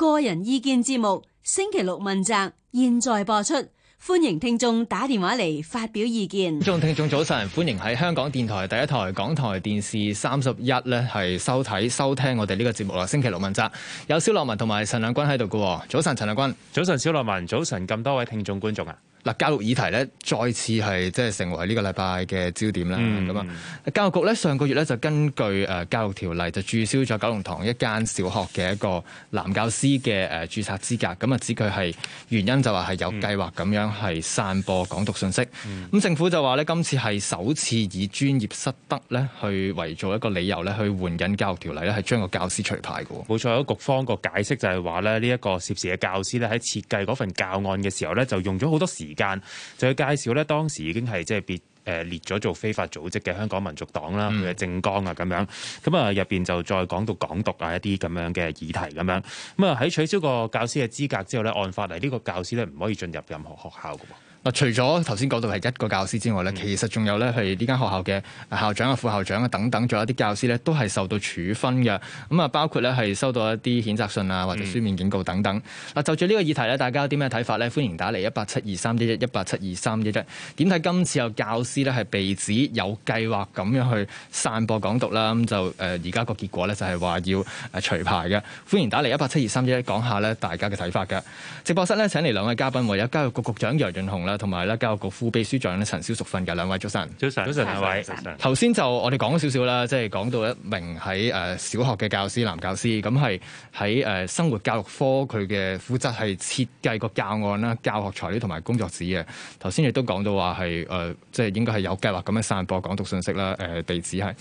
個人意見節目星期六問責現在播出，歡迎聽眾打電話嚟發表意見。聽眾聽眾早晨，歡迎喺香港電台第一台、港台電視三十一咧係收睇收聽我哋呢個節目啦。星期六問責有蕭樂文同埋陳亮君喺度嘅。早晨，陳亮君，早晨，蕭樂文，早晨，咁多位聽眾觀眾啊！嗱，教育議題咧再次係即係成為呢個禮拜嘅焦點咧，咁啊、嗯，教育局咧上個月咧就根據誒教育條例就註銷咗九龍塘一間小學嘅一個男教師嘅誒註冊資格，咁啊指佢係原因就話係有計劃咁樣係散播港獨信息，咁、嗯、政府就話咧今次係首次以專業失德咧去為做一個理由咧去援引教育條例咧係將個教師除牌嘅。冇錯，局方解釋、這個解釋就係話咧呢一個涉事嘅教師咧喺設計嗰份教案嘅時候咧就用咗好多時時間就去介紹咧，當時已經係即係別誒列咗做非法組織嘅香港民族黨啦，佢嘅、嗯、政綱啊咁樣，咁啊入邊就再講到港獨啊一啲咁樣嘅議題咁樣，咁啊喺取消個教師嘅資格之後咧，按法嚟，呢個教師咧唔可以進入任何學校噶。除咗頭先講到係一個教師之外咧，其實仲有咧係呢間學校嘅校長啊、副校長啊等等，仲有啲教師咧都係受到處分嘅。咁啊，包括咧係收到一啲譴責信啊，或者書面警告等等。嗱、嗯啊，就住呢個議題咧，大家有啲咩睇法咧？歡迎打嚟一八七二三一一一八七二三一一。點睇今次有教師咧係被指有計劃咁樣去散播港獨啦？咁就誒而家個結果咧就係話要誒除牌嘅。歡迎打嚟一八七二三一一，講下咧大家嘅睇法嘅。直播室咧請嚟兩位嘉賓喎，有教育局局長楊潤雄。同埋咧，教育局副秘書長咧陳蕭淑芬嘅。兩位早晨。早晨，兩位，早晨。頭先就我哋講少少啦，即係講到一名喺誒小學嘅教師，男教師，咁係喺誒生活教育科，佢嘅負責係設計個教案啦、教學材料同埋工作紙嘅。頭先亦都講到話係誒，即、呃、係應該係有計劃咁樣散播港獨信息啦。誒、呃，地址係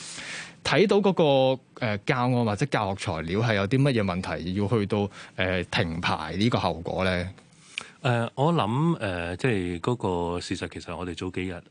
睇到嗰個誒教案或者教學材料係有啲乜嘢問題，要去到誒停牌個呢個後果咧？誒、呃，我諗誒、呃，即係嗰個事實，其實我哋早幾日誒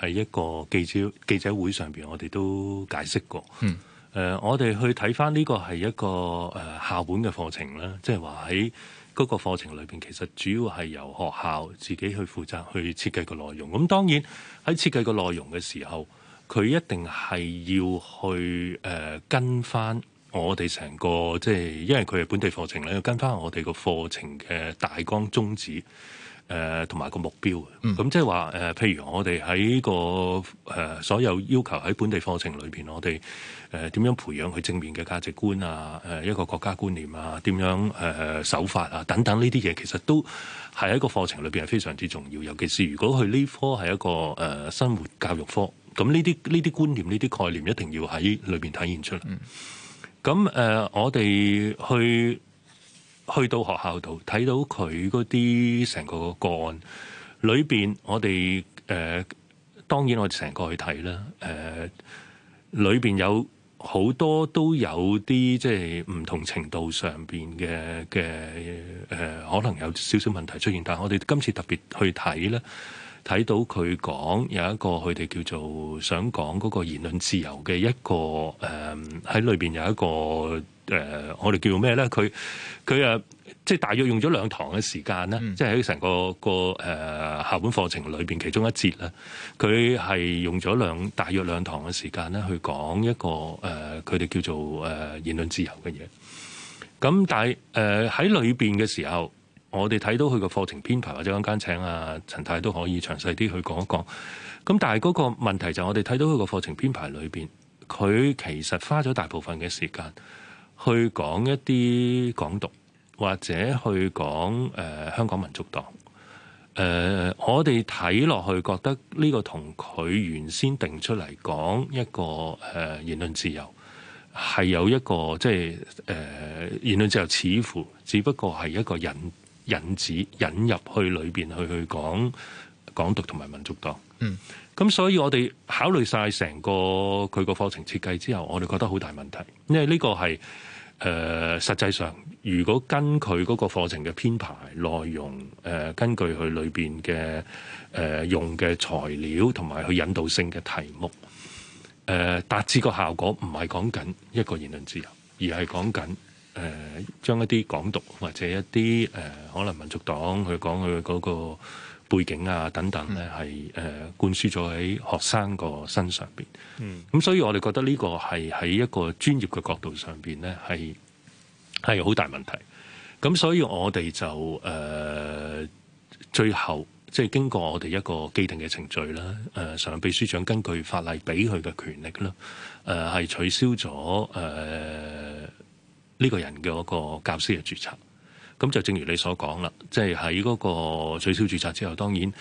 喺一個記者記者會上邊，我哋都解釋過。誒、嗯呃，我哋去睇翻呢個係一個誒校、呃、本嘅課程啦，即係話喺嗰個課程裏邊，其實主要係由學校自己去負責去設計個內容。咁、嗯、當然喺設計個內容嘅時候，佢一定係要去誒、呃、跟翻。我哋成個即係，因為佢係本地課程咧，要跟翻我哋個課程嘅大綱宗旨，誒同埋個目標。咁、嗯、即係話誒，譬如我哋喺個誒、呃、所有要求喺本地課程裏邊，我哋誒點樣培養佢正面嘅價值觀啊？誒、呃、一個國家觀念啊？點樣誒、呃、守法啊？等等呢啲嘢，其實都係喺個課程裏邊係非常之重要。尤其是如果佢呢科係一個誒、呃、生活教育科，咁呢啲呢啲觀念、呢啲概念，一定要喺裏邊體現出嚟。咁誒、呃，我哋去去到學校度睇到佢嗰啲成個個案裏邊，裡面我哋誒、呃、當然我哋成個去睇啦。誒裏邊有好多都有啲即係唔同程度上邊嘅嘅誒，可能有少少問題出現，但係我哋今次特別去睇咧。睇到佢講有一個佢哋叫做想講嗰個言論自由嘅一個誒，喺裏邊有一個誒、呃，我哋叫咩咧？佢佢誒，即係大約用咗兩堂嘅時間咧，即係喺成個個誒校、呃、本課程裏邊其中一節啦。佢係用咗兩大約兩堂嘅時間咧，去講一個誒，佢、呃、哋叫做誒、呃、言論自由嘅嘢。咁但係誒喺裏邊嘅時候。我哋睇到佢個課程編排，或者間請請、啊、阿陳太都可以詳細啲去講一講。咁但係嗰個問題就我哋睇到佢個課程編排裏邊，佢其實花咗大部分嘅時間去講一啲港獨或者去講誒、呃、香港民族黨誒、呃，我哋睇落去覺得呢個同佢原先定出嚟講一個誒、呃、言論自由係有一個即係誒言論自由，似乎只不過係一個人。引子引入去裏邊去去講港獨同埋民族黨，嗯，咁所以我哋考慮晒成個佢個課程設計之後，我哋覺得好大問題，因為呢個係誒、呃、實際上如果根據嗰個課程嘅編排內容，誒、呃、根據佢裏邊嘅誒用嘅材料同埋佢引導性嘅題目，誒、呃、達至個效果唔係講緊一個言論自由，而係講緊。誒、呃、將一啲港獨或者一啲誒、呃、可能民族黨去講佢嗰個背景啊等等咧，係誒、嗯呃、灌輸咗喺學生個身上邊。嗯，咁所以我哋覺得呢個係喺一個專業嘅角度上邊咧，係係好大問題。咁所以我哋就誒、呃、最後即係、就是、經過我哋一個既定嘅程序啦。誒、呃，常任秘書長根據法例俾佢嘅權力啦，誒、呃，係取消咗誒、呃呢個人嘅嗰個教師嘅註冊，咁就正如你所講啦，即係喺嗰個取消註冊之後，當然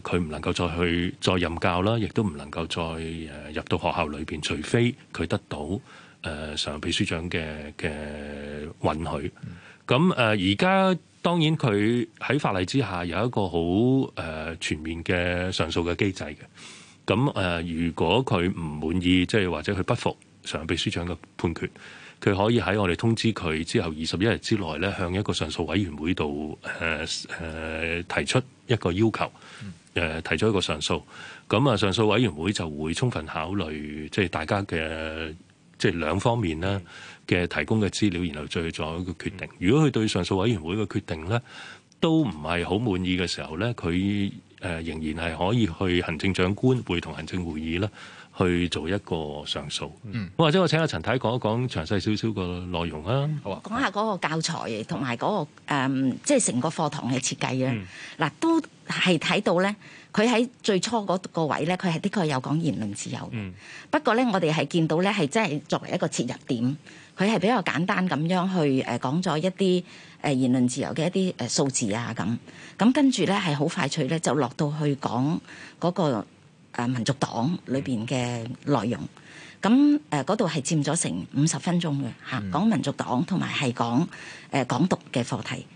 誒佢唔能夠再去再任教啦，亦都唔能夠再誒、呃、入到學校裏邊，除非佢得到誒、呃、常務秘書長嘅嘅允許。咁誒而家當然佢喺法例之下有一個好誒、呃、全面嘅上訴嘅機制嘅。咁誒、呃、如果佢唔滿意，即、就、係、是、或者佢不服常務秘書長嘅判決。佢可以喺我哋通知佢之後二十一日之內咧，向一個上訴委員會度誒誒提出一個要求，誒、呃、提出一個上訴，咁啊，上訴委員會就會充分考慮即係大家嘅即係兩方面啦嘅提供嘅資料，然後再去做一個決定。如果佢對上訴委員會嘅決定咧，都唔係好滿意嘅時候咧，佢誒仍然係可以去行政長官會同行政會議啦。去做一個上訴，嗯，mm. 或者我請阿陳太講一講詳細少少個內容啦。好啊，講下嗰個教材同埋嗰個誒，即係成個課堂嘅設計咧。嗱、mm.，都係睇到咧，佢喺最初嗰個位咧，佢係的確有講言論自由嘅，mm. 不過咧，我哋係見到咧，係真係作為一個切入點，佢係比較簡單咁樣去誒講咗一啲誒言論自由嘅一啲誒數字啊咁，咁跟住咧係好快脆咧就落到去講嗰個。誒民族黨裏邊嘅內容，咁誒嗰度係佔咗成五十分鐘嘅嚇，講民族黨同埋係講誒、呃、港獨嘅課題。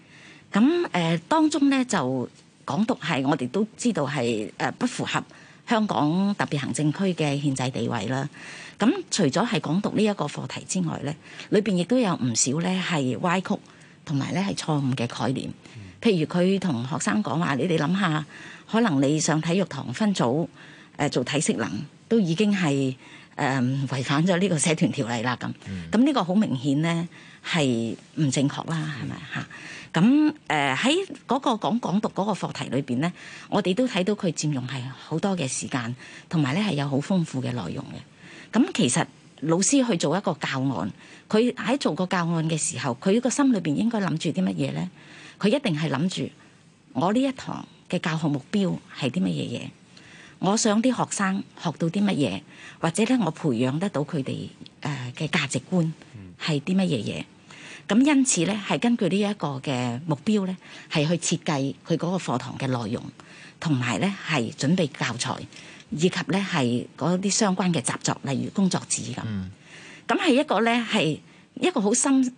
咁誒、呃、當中咧就港獨係我哋都知道係誒、呃、不符合香港特別行政區嘅憲制地位啦。咁除咗係港獨呢一個課題之外咧，裏邊亦都有唔少咧係歪曲同埋咧係錯誤嘅概念。譬如佢同學生講話：你哋諗下，可能你上體育堂分組。誒做體適能都已經係誒、呃、違反咗呢個社團條例啦咁，咁呢個好明顯咧係唔正確啦，係咪嚇？咁誒喺嗰個講港獨嗰個課題裏邊咧，我哋都睇到佢佔用係好多嘅時間，同埋咧係有好豐富嘅內容嘅。咁其實老師去做一個教案，佢喺做個教案嘅時候，佢個心裏邊應該諗住啲乜嘢咧？佢一定係諗住我呢一堂嘅教學目標係啲乜嘢嘢？我想啲學生學到啲乜嘢，或者咧，我培養得到佢哋誒嘅價值觀係啲乜嘢嘢。咁因此咧，係根據呢一個嘅目標咧，係去設計佢嗰個課堂嘅內容，同埋咧係準備教材，以及咧係嗰啲相關嘅習作，例如工作紙咁。咁係、嗯、一個咧係一個好深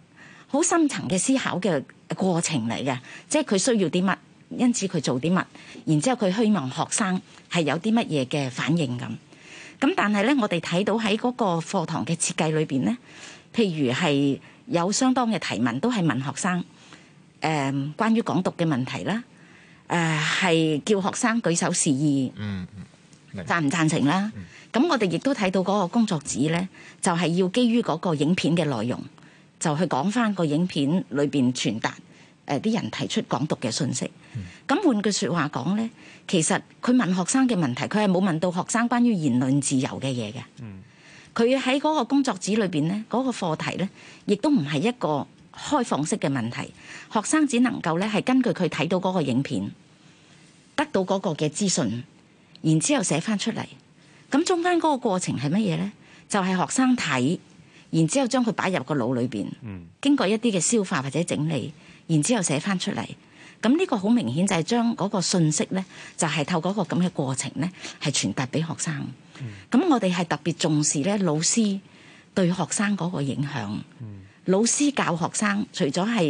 好深層嘅思考嘅過程嚟嘅，即係佢需要啲乜，因此佢做啲乜，然之後佢希望學生係有啲乜嘢嘅反應咁，咁但係咧，我哋睇到喺嗰個課堂嘅設計裏邊咧，譬如係有相當嘅提問，都係問學生誒、呃、關於港獨嘅問題啦，誒、呃、係叫學生舉手示意，嗯嗯、贊唔贊成啦。咁、嗯、我哋亦都睇到嗰個工作紙咧，就係、是、要基於嗰個影片嘅內容，就去講返個影片裏邊傳達誒啲、呃、人提出港獨嘅信息。咁、嗯、換句説話講咧。其實佢問學生嘅問題，佢係冇問到學生關於言論自由嘅嘢嘅。佢喺嗰個工作紙裏邊咧，嗰個課題咧，亦都唔係一個開放式嘅問題。學生只能夠咧係根據佢睇到嗰個影片，得到嗰個嘅資訊，然之後寫翻出嚟。咁中間嗰個過程係乜嘢咧？就係學生睇，然之後將佢擺入個腦裏邊，經過一啲嘅消化或者整理，然之後寫翻出嚟。咁呢個好明顯就係將嗰個信息咧，就係透過嗰個咁嘅過程咧，係傳達俾學生。咁我哋係特別重視咧老師對學生嗰個影響。老師教學生，除咗係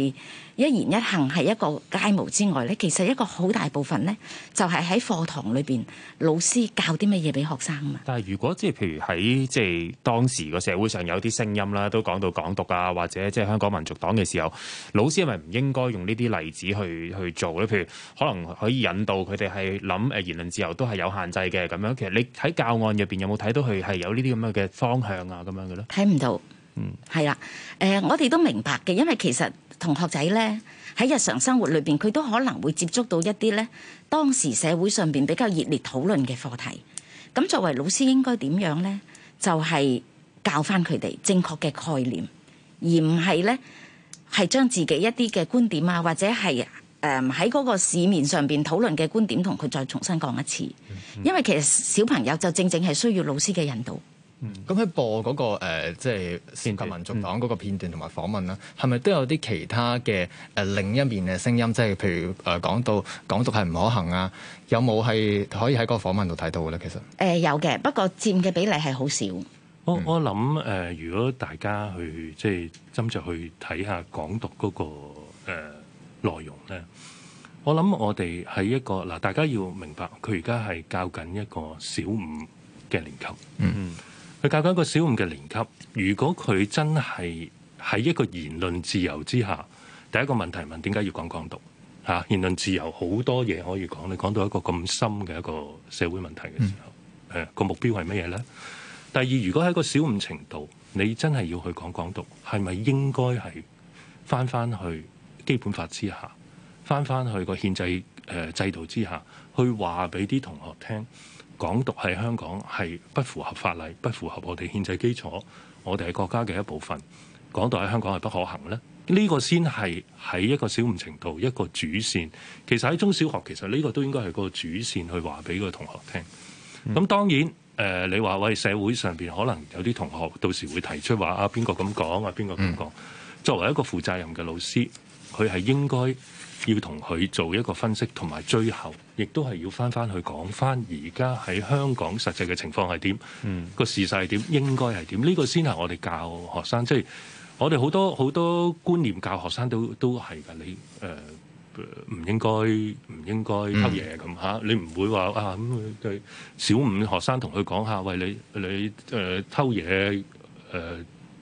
一言一行係一個楷模之外咧，其實一個好大部分咧，就係喺課堂裏邊老師教啲乜嘢俾學生啊。但係如果即係譬如喺即係當時個社會上有啲聲音啦，都講到港獨啊，或者即係香港民族黨嘅時候，老師係咪唔應該用呢啲例子去去做咧？譬如可能可以引導佢哋係諗誒言論自由都係有限制嘅咁樣。其實你喺教案入邊有冇睇到佢係有呢啲咁樣嘅方向啊咁樣嘅咧？睇唔到。嗯，係啦，誒、呃，我哋都明白嘅，因為其實同學仔呢喺日常生活裏面，佢都可能會接觸到一啲呢當時社會上面比較熱烈討論嘅課題。咁作為老師應該點樣呢？就係、是、教返佢哋正確嘅概念，而唔係呢係將自己一啲嘅觀點啊，或者係誒喺嗰個市面上面討論嘅觀點同佢再重新講一次。因為其實小朋友就正正係需要老師嘅引導。咁喺、嗯、播嗰、那個誒、呃，即係涉及民族黨嗰個片段同埋訪問啦，係咪、嗯、都有啲其他嘅誒、呃、另一面嘅聲音？即係譬如誒、呃、講到港獨係唔可行啊？有冇係可以喺個訪問度睇到嘅咧？其實誒、呃、有嘅，不過佔嘅比例係好少。我我諗誒、呃，如果大家去即係斟酌去睇下港獨嗰、那個誒、呃、內容咧，我諗我哋喺一個嗱，大家要明白佢而家係教緊一個小五嘅年級，嗯嗯。嗯。佢教緊一個小五嘅年級，如果佢真係喺一個言論自由之下，第一個問題問：點解要講港獨？嚇，言論自由好多嘢可以講，你講到一個咁深嘅一個社會問題嘅時候，誒個、嗯、目標係乜嘢呢？第二，如果喺一個小五程度，你真係要去講港獨，係咪應該係返返去基本法之下，返返去個憲制誒制度之下去話俾啲同學聽？港獨喺香港係不符合法例，不符合我哋憲制基礎，我哋係國家嘅一部分，港獨喺香港係不可行咧。呢、呢個先係喺一個小五程度，一個主線，其實喺中小學其實呢個都應該係個主線去話俾個同學聽，咁、嗯、當然，誒你話喂社會上邊可能有啲同學到時會提出話啊邊個咁講啊邊個咁講作為一個負責任嘅老師，佢係應該。要同佢做一個分析，同埋最後，亦都係要翻翻去講翻而家喺香港實際嘅情況係點？嗯、個事實係點，應該係點，呢個先係我哋教學生，即係我哋好多好多觀念教學生都都係噶。你誒唔應該唔應該偷嘢咁吓，你唔會話啊，咁對小五學生同佢講下喂，你你誒偷嘢誒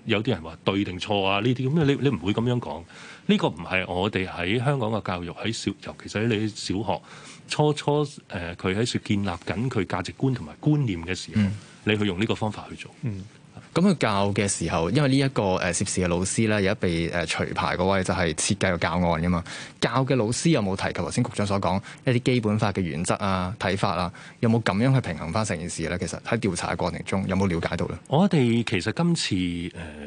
有啲人話對定錯啊呢啲咁樣，你你唔會咁樣講。呢個唔係我哋喺香港嘅教育，喺小，尤其是喺你小學初初誒，佢喺處建立緊佢價值觀同埋觀念嘅時候，嗯、你去用呢個方法去做。嗯，咁佢、嗯、教嘅時候，因為呢、這、一個誒、呃、涉事嘅老師咧，有一被誒除牌嗰位就係設計個教案噶嘛，教嘅老師有冇提及頭先局長所講一啲基本法嘅原則啊、睇法啊，有冇咁樣去平衡翻成件事咧？其實喺調查嘅過程中，有冇了解到咧？我哋其實今次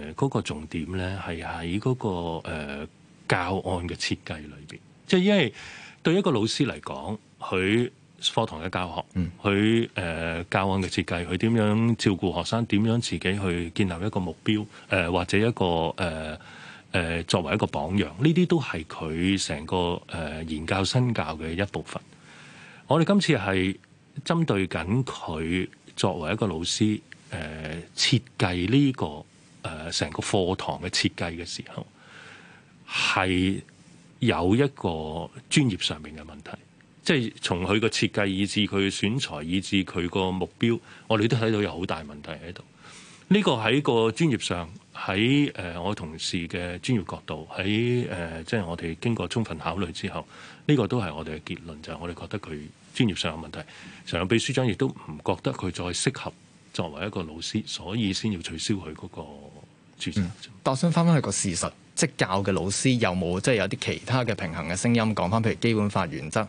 誒嗰個重點咧，係喺嗰個教案嘅設計裏邊，即係因為對一個老師嚟講，佢課堂嘅教學，佢誒、呃、教案嘅設計，佢點樣照顧學生，點樣自己去建立一個目標，誒、呃、或者一個誒誒、呃、作為一個榜樣，呢啲都係佢成個誒、呃、研究新教嘅一部分。我哋今次係針對緊佢作為一個老師，誒設計呢個誒成、呃、個課堂嘅設計嘅時候。係有一個專業上面嘅問題，即係從佢個設計以至佢選材以至佢個目標，我哋都睇到有好大問題喺度。呢、這個喺個專業上，喺誒、呃、我同事嘅專業角度，喺誒即係我哋經過充分考慮之後，呢、這個都係我哋嘅結論，就係、是、我哋覺得佢專業上有問題。常任秘書長亦都唔覺得佢再適合作為一個老師，所以先要取消佢嗰個註冊。嗯、但我想上翻翻去個事實。職教嘅老師有冇即係有啲其他嘅平衡嘅聲音講翻？譬如基本法原則，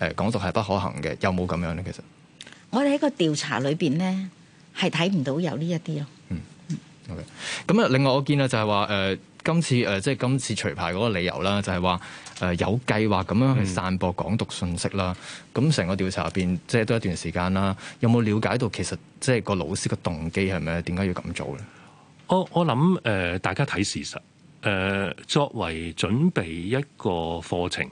誒港獨係不可行嘅，有冇咁樣咧？其實我哋喺個調查裏邊咧，係睇唔到有呢一啲咯。嗯，OK。咁啊，另外我見啊，就係話誒今次誒、呃、即係今次除牌嗰個理由啦，就係話誒有計劃咁樣去散播港獨信息啦。咁成、嗯、個調查入邊，即係都一段時間啦，有冇了解到其實即係個老師嘅動機係咩？點解要咁做咧？我我諗誒，大家睇事實事。誒作為準備一個課程，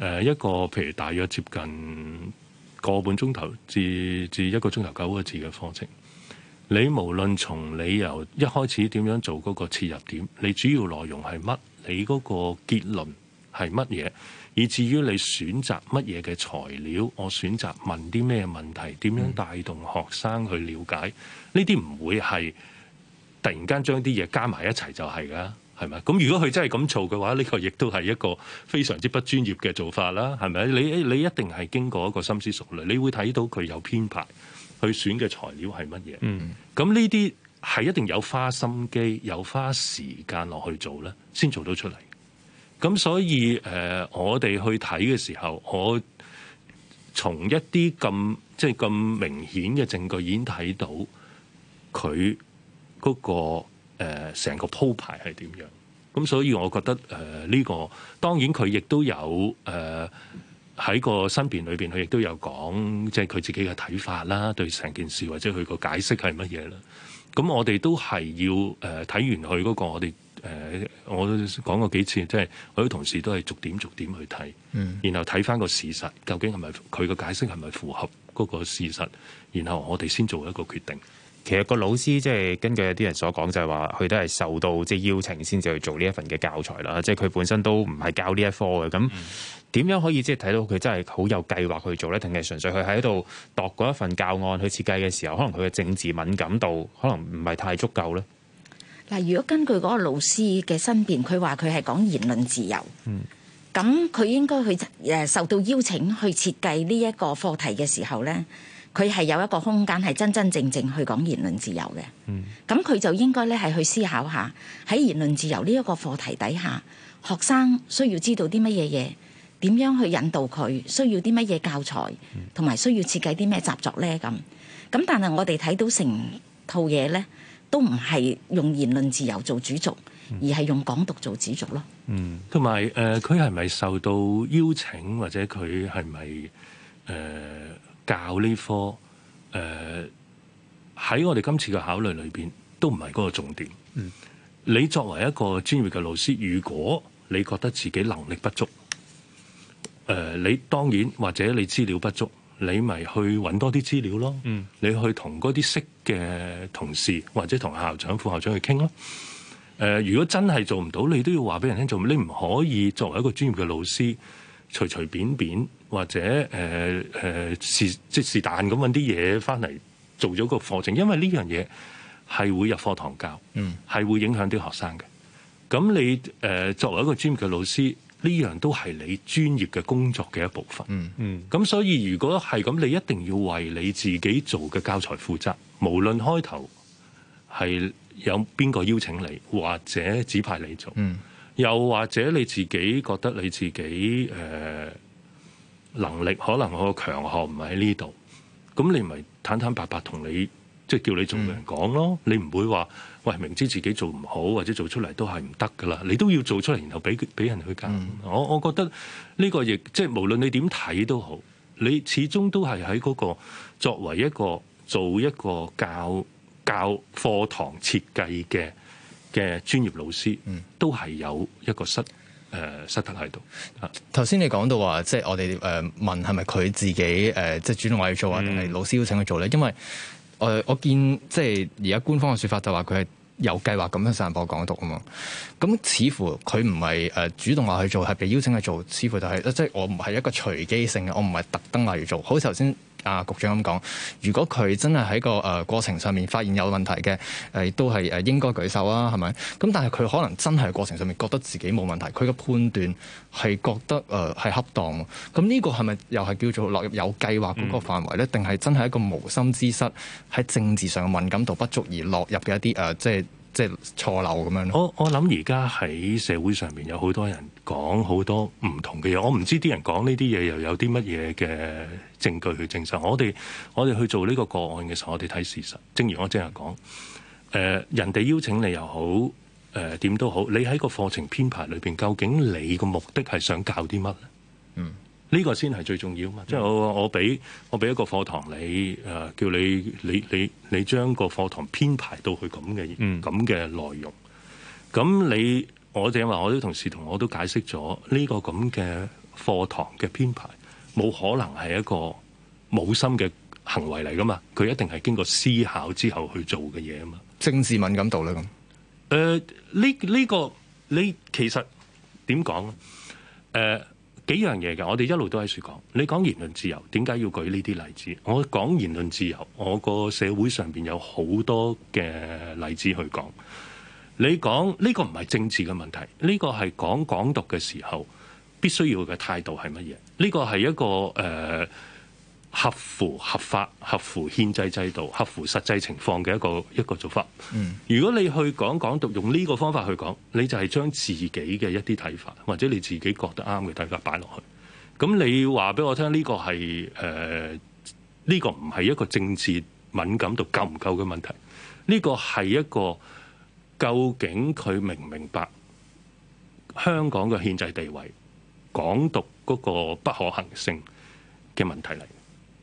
誒一個譬如大約接近個半鐘頭至至一個鐘頭九個字嘅課程，你無論從你由一開始點樣做嗰個切入點，你主要內容係乜？你嗰個結論係乜嘢？以至於你選擇乜嘢嘅材料，我選擇問啲咩問題，點樣帶動學生去了解？呢啲唔會係突然間將啲嘢加埋一齊就係㗎。係咪？咁如果佢真係咁做嘅話，呢個亦都係一個非常之不專業嘅做法啦。係咪？你，你一定係經過一個心思熟慮，你會睇到佢有編排去選嘅材料係乜嘢。嗯。咁呢啲係一定有花心機、有花時間落去做咧，先做到出嚟。咁所以誒，我哋去睇嘅時候，我從一啲咁即係咁明顯嘅證據已經睇到佢嗰個。誒成、呃、個鋪排係點樣？咁、嗯、所以我覺得誒呢、呃這個當然佢亦都有誒喺、呃、個新片裏邊，佢亦都有講即係佢自己嘅睇法啦，對成件事或者佢個解釋係乜嘢啦。咁我哋都係要誒睇完佢嗰個，我哋誒我都講過幾次，即係我啲同事都係逐點逐點去睇，然後睇翻個事實究竟係咪佢嘅解釋係咪符合嗰個事實，然後我哋先做一個決定。其實個老師即係根據有啲人所講，就係話佢都係受到即係邀請先至去做呢一份嘅教材啦。即係佢本身都唔係教呢一科嘅，咁點樣可以即係睇到佢真係好有計劃去做呢？定係純粹佢喺度度嗰一份教案去設計嘅時候，可能佢嘅政治敏感度可能唔係太足夠呢？嗱，如果根據嗰個老師嘅申辯，佢話佢係講言論自由，嗯，咁佢應該佢誒受到邀請去設計呢一個課題嘅時候呢。佢係有一個空間係真真正正去講言論自由嘅，咁佢、嗯、就應該咧係去思考下喺言論自由呢一個課題底下，學生需要知道啲乜嘢嘢，點樣去引導，佢需要啲乜嘢教材，同埋、嗯、需要設計啲咩習作咧？咁咁，但係我哋睇到成套嘢咧，都唔係用言論自由做主軸，而係用港獨做主軸咯。嗯，同埋誒，佢係咪受到邀請，或者佢係咪誒，呃教呢科，誒、呃、喺我哋今次嘅考慮裏邊，都唔係嗰個重點。嗯，你作為一個專業嘅老師，如果你覺得自己能力不足，誒、呃，你當然或者你資料不足，你咪去揾多啲資料咯。嗯，你去同嗰啲識嘅同事或者同校長、副校長去傾咯。誒、呃，如果真係做唔到，你都要話俾人聽做。你唔可以作為一個專業嘅老師，隨隨便便便。或者誒誒是即是但咁搵啲嘢翻嚟做咗個課程，因為呢樣嘢係會入課堂教，嗯，係會影響啲學生嘅。咁你誒、呃、作為一個專業嘅老師，呢樣都係你專業嘅工作嘅一部分，嗯嗯。咁所以如果係咁，你一定要為你自己做嘅教材負責，無論開頭係有邊個邀請你，或者指派你做，嗯，mm. 又或者你自己覺得你自己誒。呃能力可能我個強項唔係喺呢度，咁你咪坦坦白白同你即係、就是、叫你做嘅人講咯，嗯、你唔會話，喂，明知自己做唔好或者做出嚟都係唔得噶啦，你都要做出嚟，然後俾俾人去教。嗯、我我覺得呢、這個亦即係無論你點睇都好，你始終都係喺嗰個作為一個做一個教教課堂設計嘅嘅專業老師，都係有一個失。誒失突喺度。頭先、呃、你講到話，即係我哋誒問係咪佢自己誒、呃、即係主動話要做啊，定係老師邀請佢做咧？嗯、因為我我見即係而家官方嘅説法就話佢係有計劃咁樣散播港獨啊嘛。咁似乎佢唔係誒主動話去做，係被邀請去做，似乎就係、是、即係我唔係一個隨機性嘅，我唔係特登話要做好似頭先。啊，局長咁講，如果佢真係喺個誒、呃、過程上面發現有問題嘅，誒、呃、都係誒應該舉手啦、啊，係咪？咁但係佢可能真係過程上面覺得自己冇問題，佢嘅判斷係覺得誒係、呃、恰當，咁呢個係咪又係叫做落入有計劃嗰個範圍咧？定係真係一個無心之失，喺政治上敏感度不足而落入嘅一啲誒、呃、即係即係錯漏咁樣咯。我我諗而家喺社會上面有好多人講好多唔同嘅嘢，我唔知啲人講呢啲嘢又有啲乜嘢嘅證據去證實。我哋我哋去做呢個個案嘅時候，我哋睇事實。正如我即係講，誒、呃、人哋邀請你又好，誒點都好，你喺個課程編排裏邊，究竟你個目的係想教啲乜咧？嗯。呢個先係最重要啊嘛！即係我我俾我俾一個課堂你誒、呃，叫你你你你將個課堂編排到去咁嘅咁嘅內容。咁你我哋話我啲同事同我都解釋咗呢個咁嘅課堂嘅編排，冇可能係一個冇心嘅行為嚟噶嘛？佢一定係經過思考之後去做嘅嘢啊嘛！政治敏感度咧咁誒？呢呢、呃這個、這個、你其實點講咧？誒？幾樣嘢嘅，我哋一路都喺度講。你講言論自由，點解要舉呢啲例子？我講言論自由，我個社會上邊有好多嘅例子去講。你講呢個唔係政治嘅問題，呢個係講港獨嘅時候必須要嘅態度係乜嘢？呢個係一個誒。呃合乎合法，合乎憲制制度、合乎實際情況嘅一個一個做法。Mm. 如果你去講港獨用呢個方法去講，你就係將自己嘅一啲睇法，或者你自己覺得啱嘅睇法擺落去。咁你話俾我聽呢、呢個係誒，呢個唔係一個政治敏感度夠唔夠嘅問題，呢個係一個究竟佢明唔明白香港嘅憲制地位、港獨嗰個不可行性嘅問題嚟。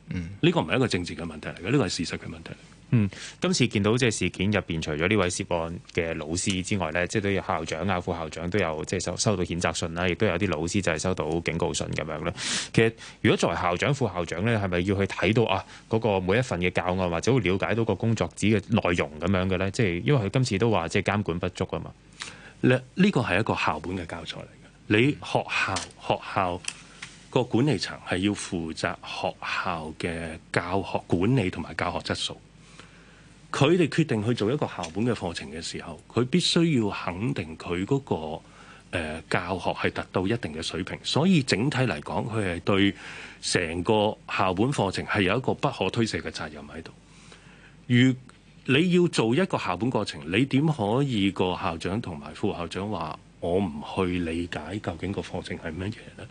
嗯，呢個唔係一個政治嘅問題嚟嘅，呢個係事實嘅問題。嗯，今次見到即係事件入邊，除咗呢位涉案嘅老師之外呢，即係都有校長啊、副校長都有即係收收到譴責信啦，亦都有啲老師就係收到警告信咁樣咧。其實如果作為校長、副校長呢，係咪要去睇到啊嗰個每一份嘅教案，或者去了解到個工作紙嘅內容咁樣嘅呢？即係因為佢今次都話即係監管不足啊嘛。呢個係一個校本嘅教材嚟嘅，你學校學校，個管理層係要負責學校嘅教學管理同埋教學質素。佢哋決定去做一個校本嘅課程嘅時候，佢必須要肯定佢嗰個誒教學係達到一定嘅水平。所以整體嚟講，佢係對成個校本課程係有一個不可推卸嘅責任喺度。如你要做一個校本課程，你點可以個校長同埋副校長話我唔去理解究竟個課程係乜嘢呢？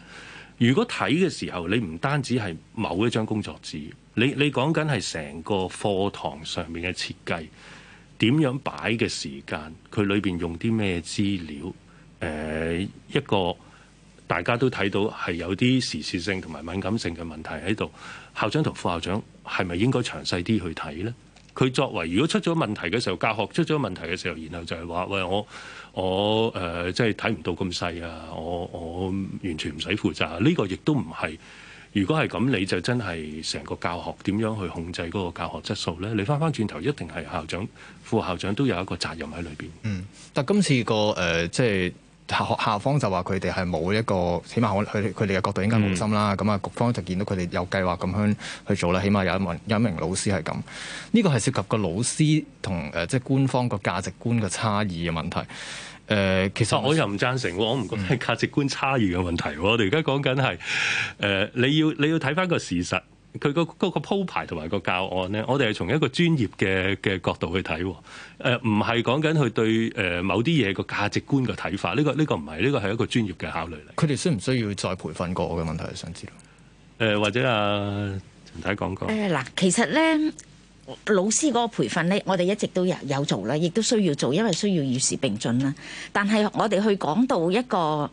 如果睇嘅時候，你唔單止係某一張工作紙，你你講緊係成個課堂上面嘅設計，點樣擺嘅時間，佢裏邊用啲咩資料？誒、呃，一個大家都睇到係有啲時事性同埋敏感性嘅問題喺度。校長同副校長係咪應該詳細啲去睇呢？佢作為如果出咗問題嘅時候，教學出咗問題嘅時候，然後就係話喂，我。我誒、呃、即係睇唔到咁細啊！我我完全唔使負責，呢、這個亦都唔係。如果係咁，你就真係成個教學點樣去控制嗰個教學質素咧？你翻翻轉頭，一定係校長、副校長都有一個責任喺裏邊。嗯，但今次個誒、呃、即係。學校方就話佢哋係冇一個，起碼佢哋嘅角度應該冇心啦。咁啊、嗯，局方就見到佢哋有計劃咁樣去做啦。起碼有一有一名老師係咁，呢個係涉及個老師同誒、呃、即係官方個價值觀嘅差異嘅問題。誒、呃，其實、啊、我又唔贊成，我唔覺得係價值觀差異嘅問題。嗯、我哋而家講緊係誒，你要你要睇翻個事實。佢個嗰個鋪排同埋個教案呢，我哋係從一個專業嘅嘅角度去睇，誒唔係講緊佢對誒某啲嘢個價值觀嘅睇法，呢、這個呢、這個唔係，呢、這個係一個專業嘅考慮嚟。佢哋需唔需要再培訓過嘅問題？想知道，誒、呃、或者阿、啊、陳太講過。誒嗱、呃，其實呢，老師嗰個培訓呢，我哋一直都有有做啦，亦都需要做，因為需要與時並進啦。但係我哋去講到一個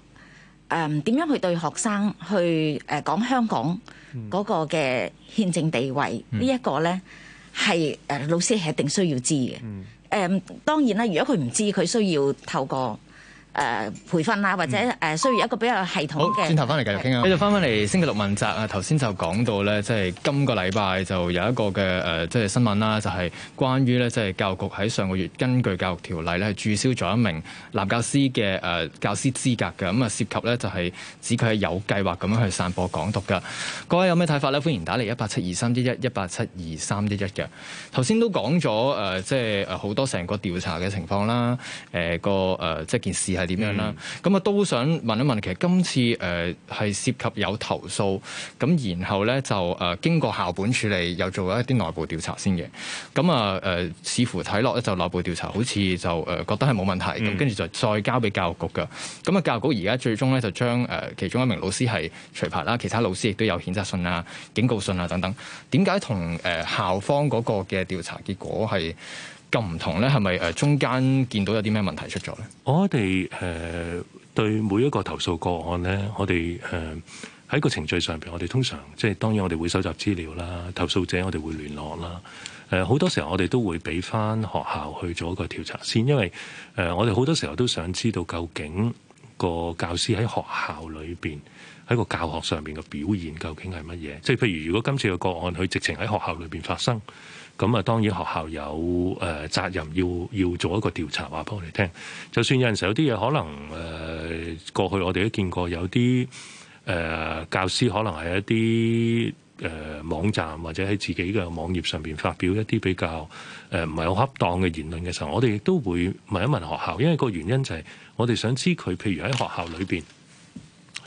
誒點、呃、樣去對學生去誒、呃、講香港。嗰個嘅憲政地位、嗯、呢一個咧係誒老師係一定需要知嘅誒，嗯、當然啦，如果佢唔知，佢需要透過。誒培訓啊，或者誒、呃、需要一個比較系統嘅。好，轉頭翻嚟繼續傾、呃、啊。繼續翻翻嚟星期六問責啊，頭先就講到咧，即係今個禮拜就有一個嘅誒、呃，即係新聞啦，就係、是、關於咧，即係教育局喺上個月根據教育條例咧，係註銷咗一名男教師嘅誒、呃、教師資格嘅。咁啊，涉及咧就係、是、指佢係有計劃咁樣去散播港獨噶。各位有咩睇法咧？歡迎打嚟一八七二三一一一八七二三一一嘅。頭先都講咗誒，即係誒好多成個調查嘅情況啦，誒個誒即件事係點樣啦？咁啊、嗯、都想問一問，其實今次誒係、呃、涉及有投訴，咁然後咧就誒、呃、經過校本處理，又做咗一啲內部調查先嘅。咁啊誒，似乎睇落咧就內部調查，好似就誒、呃、覺得係冇問題，咁跟住就再交俾教育局噶。咁、嗯、啊，嗯、教育局而家最終咧就將誒其中一名老師係除牌啦，其他老師亦都有譴責信啊、警告信啊等等。點解同誒校方嗰個嘅調查結果係，咁唔同咧，係咪誒中間見到有啲咩問題出咗咧？我哋誒、呃、對每一個投訴個案咧，我哋誒喺個程序上邊，我哋通常即係當然我哋會收集資料啦，投訴者我哋會聯絡啦。誒、呃、好多時候我哋都會俾翻學校去做一個調查先，因為誒、呃、我哋好多時候都想知道究竟個教師喺學校裏邊喺個教學上邊嘅表現究竟係乜嘢。即係譬如如果今次嘅個案佢直情喺學校裏邊發生。咁啊，當然學校有誒、呃、責任要，要要做一個調查話俾我哋聽。就算有陣時有啲嘢可能誒、呃、過去，我哋都見過有啲誒、呃、教師可能係一啲誒、呃、網站或者喺自己嘅網頁上邊發表一啲比較誒唔係好恰當嘅言論嘅時候，我哋亦都會問一問學校，因為個原因就係、是、我哋想知佢，譬如喺學校裏邊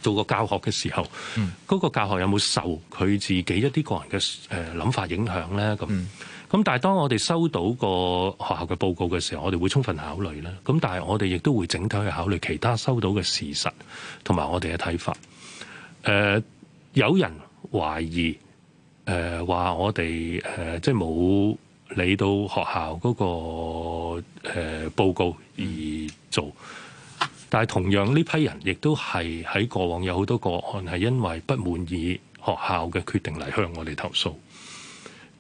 做個教學嘅時候，嗰、嗯、個教學有冇受佢自己一啲個人嘅誒諗法影響咧？咁。嗯咁但係當我哋收到個學校嘅報告嘅時候，我哋會充分考慮啦。咁但係我哋亦都會整體去考慮其他收到嘅事實同埋我哋嘅睇法。誒，有人懷疑誒話，我哋誒即係冇理到學校嗰個誒報告而做，但係同樣呢批人亦都係喺過往有好多個案係因為不滿意學校嘅決定嚟向我哋投訴，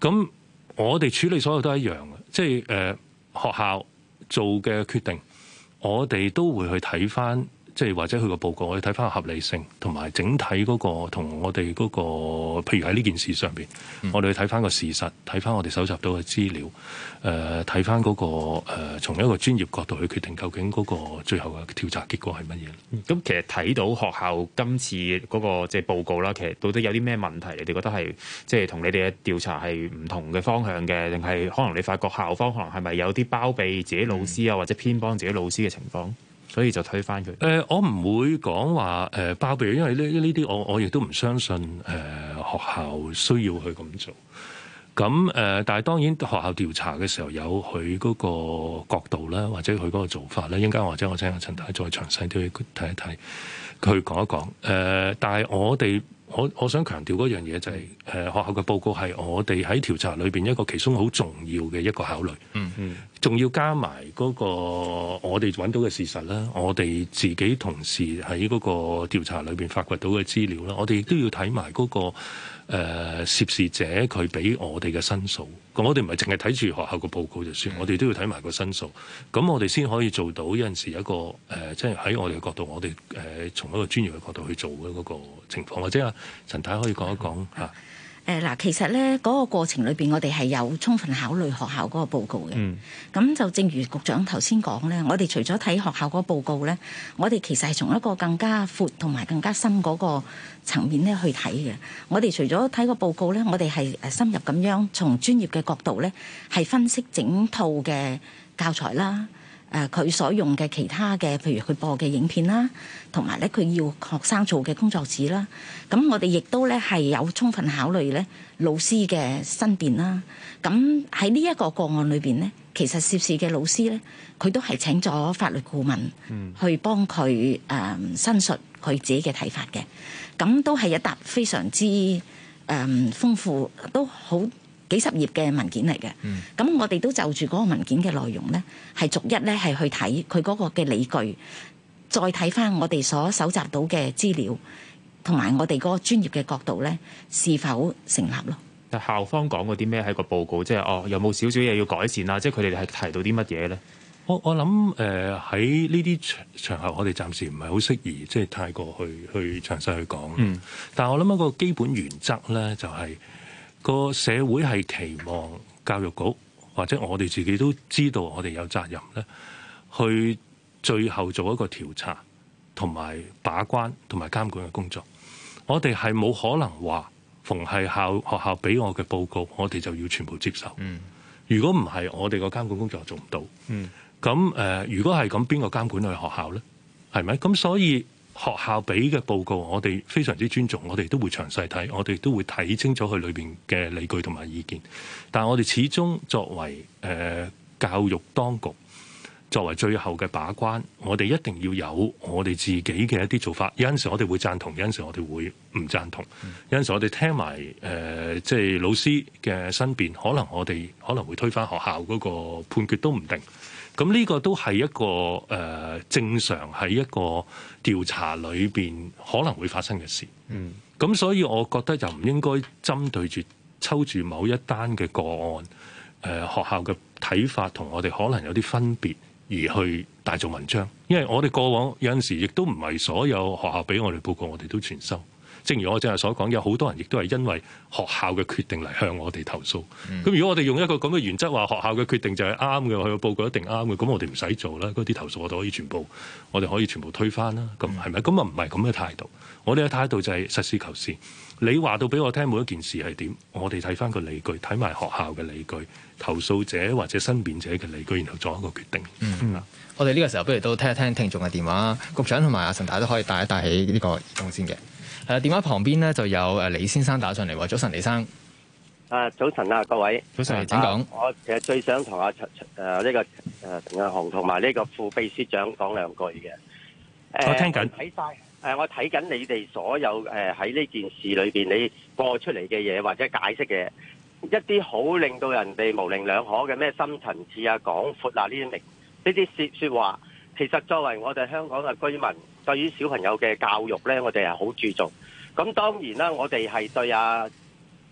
咁。我哋處理所有都一樣嘅，即係誒、呃、學校做嘅決定，我哋都會去睇翻。即係或者佢個報告，我哋睇翻合理性，同埋整體嗰個同我哋嗰個，譬如喺呢件事上邊，我哋去睇翻個事實，睇翻我哋搜集到嘅資料，誒睇翻嗰個誒從、呃、一個專業角度去決定究竟嗰個最後嘅調查結果係乜嘢。咁、嗯、其實睇到學校今次嗰個即係報告啦，其實到底有啲咩問題？你哋覺得係即係同你哋嘅調查係唔同嘅方向嘅，定係可能你發覺校方可能係咪有啲包庇自己老師啊，嗯、或者偏幫自己老師嘅情況？所以就推翻佢。誒、呃，我唔會講話誒包庇，因為呢呢啲我我亦都唔相信誒、呃、學校需要去咁做。咁誒、呃，但係當然學校調查嘅時候有佢嗰個角度啦，或者佢嗰個做法咧，應該或者我請阿陳太太再詳細啲去睇一睇，佢講一講。誒、呃，但係我哋。我我想強調嗰樣嘢就係誒學校嘅報告係我哋喺調查裏邊一個其中好重要嘅一個考慮，嗯嗯，仲要加埋嗰個我哋揾到嘅事實啦，我哋自己同事喺嗰個調查裏邊發掘到嘅資料啦，我哋都要睇埋嗰個。誒、呃、涉事者佢俾我哋嘅申訴，我哋唔係淨係睇住學校個報告就算，我哋都要睇埋個申訴，咁我哋先可以做到有陣時有一個誒，即係喺我哋嘅角度，我哋誒、呃、從一個專業嘅角度去做嘅嗰個情況。或者阿陳太可以講一講嚇。嗯啊誒嗱，其實咧嗰、那個過程裏邊，我哋係有充分考慮學校嗰個報告嘅。咁 就正如局長頭先講咧，我哋除咗睇學校嗰個報告咧，我哋其實係從一個更加闊同埋更加深嗰個層面咧去睇嘅。我哋除咗睇個報告咧，我哋係深入咁樣從專業嘅角度咧，係分析整套嘅教材啦。誒佢、呃、所用嘅其他嘅，譬如佢播嘅影片啦，同埋咧佢要學生做嘅工作紙啦。咁我哋亦都咧係有充分考慮咧老師嘅身辯啦。咁喺呢一個個案裏邊咧，其實涉事嘅老師咧，佢都係請咗法律顧問去幫佢誒申述佢自己嘅睇法嘅。咁都係一沓非常之誒豐、呃、富，都好。幾十頁嘅文件嚟嘅，咁、嗯、我哋都就住嗰個文件嘅內容咧，係逐一咧係去睇佢嗰個嘅理據，再睇翻我哋所搜集到嘅資料，同埋我哋嗰個專業嘅角度咧，是否成立咯？但校方講過啲咩喺個報告，即係哦，有冇少少嘢要改善啊？即係佢哋係提到啲乜嘢咧？我我諗誒喺呢啲場合，我哋暫時唔係好適宜，即係太過去去詳細去講。嗯，但係我諗一個基本原則咧，就係、是。個社會係期望教育局，或者我哋自己都知道，我哋有責任咧，去最後做一個調查同埋把關同埋監管嘅工作。我哋係冇可能話，逢係校學校俾我嘅報告，我哋就要全部接受。嗯，如果唔係，我哋個監管工作做唔到。嗯，咁、呃、誒，如果係咁，邊個監管去學校咧？係咪？咁所以。學校俾嘅報告，我哋非常之尊重，我哋都會詳細睇，我哋都會睇清楚佢裏邊嘅理據同埋意見。但係我哋始終作為誒、呃、教育當局，作為最後嘅把關，我哋一定要有我哋自己嘅一啲做法。有陣時我哋會贊同，有陣時我哋會唔贊同。有陣時我哋聽埋誒即係老師嘅申辯，可能我哋可能會推翻學校嗰個判決都唔定。咁呢個都係一個誒、呃、正常喺一個調查裏邊可能會發生嘅事。嗯，咁所以我覺得就唔應該針對住抽住某一單嘅個案，誒、呃、學校嘅睇法同我哋可能有啲分別而去大做文章，因為我哋過往有陣時亦都唔係所有學校俾我哋報告，我哋都全收。正如我正係所講，有好多人亦都係因為學校嘅決定嚟向我哋投訴。咁、嗯、如果我哋用一個咁嘅原則話，學校嘅決定就係啱嘅，佢嘅報告一定啱嘅，咁我哋唔使做啦。嗰啲投訴我哋可以全部，我哋可以全部推翻啦。咁係咪？咁啊唔係咁嘅態度。我哋嘅態度就係實事求是。你話到俾我聽每一件事係點，我哋睇翻個理據，睇埋學校嘅理據，投訴者或者申辯者嘅理據，然後作一個決定。我哋呢個時候不如都聽一聽聽，聽眾嘅電話。局長同埋阿陳太都可以帶一帶起呢個議論先嘅。誒，電話、啊、旁邊咧就有誒李先生打上嚟，早晨，李先生。啊，早晨啊，各位。早晨，請講？我其實最想同阿陳誒呢個誒楊潤雄同埋呢個副秘書長講兩句嘅、呃呃。我聽緊。睇晒。誒，我睇緊你哋所有誒喺呢件事裏邊你播出嚟嘅嘢，或者解釋嘅一啲好令到人哋模棱兩可嘅咩深層次啊、廣闊啊呢啲明呢啲說說話。其實作為我哋香港嘅居民，對於小朋友嘅教育呢，我哋係好注重。咁當然啦，我哋係對啊